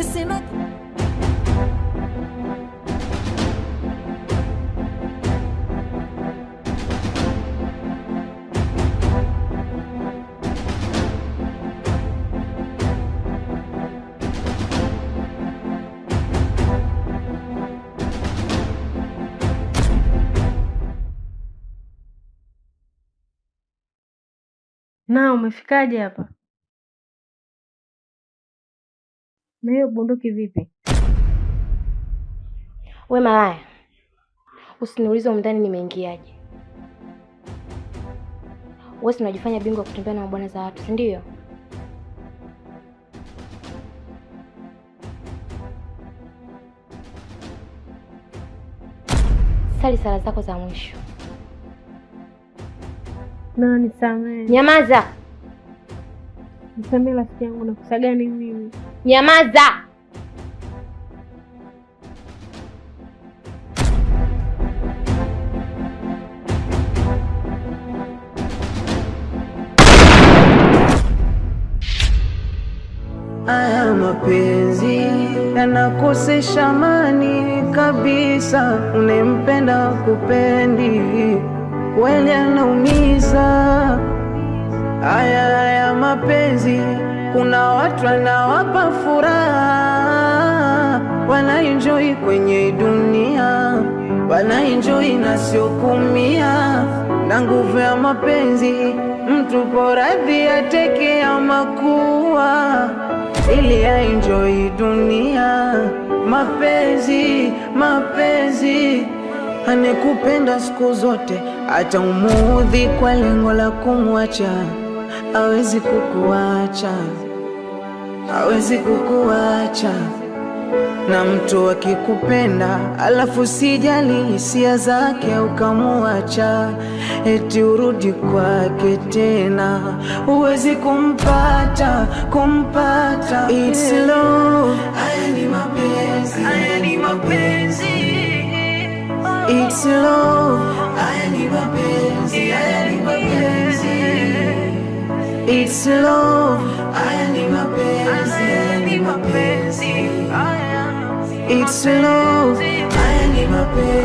piscina. Não, mas ficar a Na hiyo bunduki vipi? We malaya, usiniulize umndani nimeingiaje. Wewe unajifanya bingwa kutembea na mabwana za watu, si ndio? Sali sala zako za mwisho. Nani, nisamehe. Nyamaza. Nisamee rafiki yangu, nakosa gani mimi? Nyamaza! Aya, mapenzi yanakosesha amani kabisa. Unempenda kupendi, kweli anaumiza. Aya mapenzi, kuna watu wanawapa furaha, wanaenjoy kwenye dunia, wanaenjoy na kumia na nguvu ya mapenzi. Mtu poradhi ateke ya makuwa ili aenjoy dunia. Mapenzi, mapenzi anekupenda siku zote, ataumudhi kwa lengo la kumwacha hawezi kukuacha, hawezi kukuacha. Na mtu akikupenda alafu sijali hisia zake ukamuacha, eti urudi kwake tena, huwezi kumpata kumpata. It's eh. love, haya ni mapenzi, haya ni mapenzi. Oh. It's love, haya ni mapenzi, haya ni mapenzi. It's love. Haya my mapenzi. It's love. Haya my mapenzi.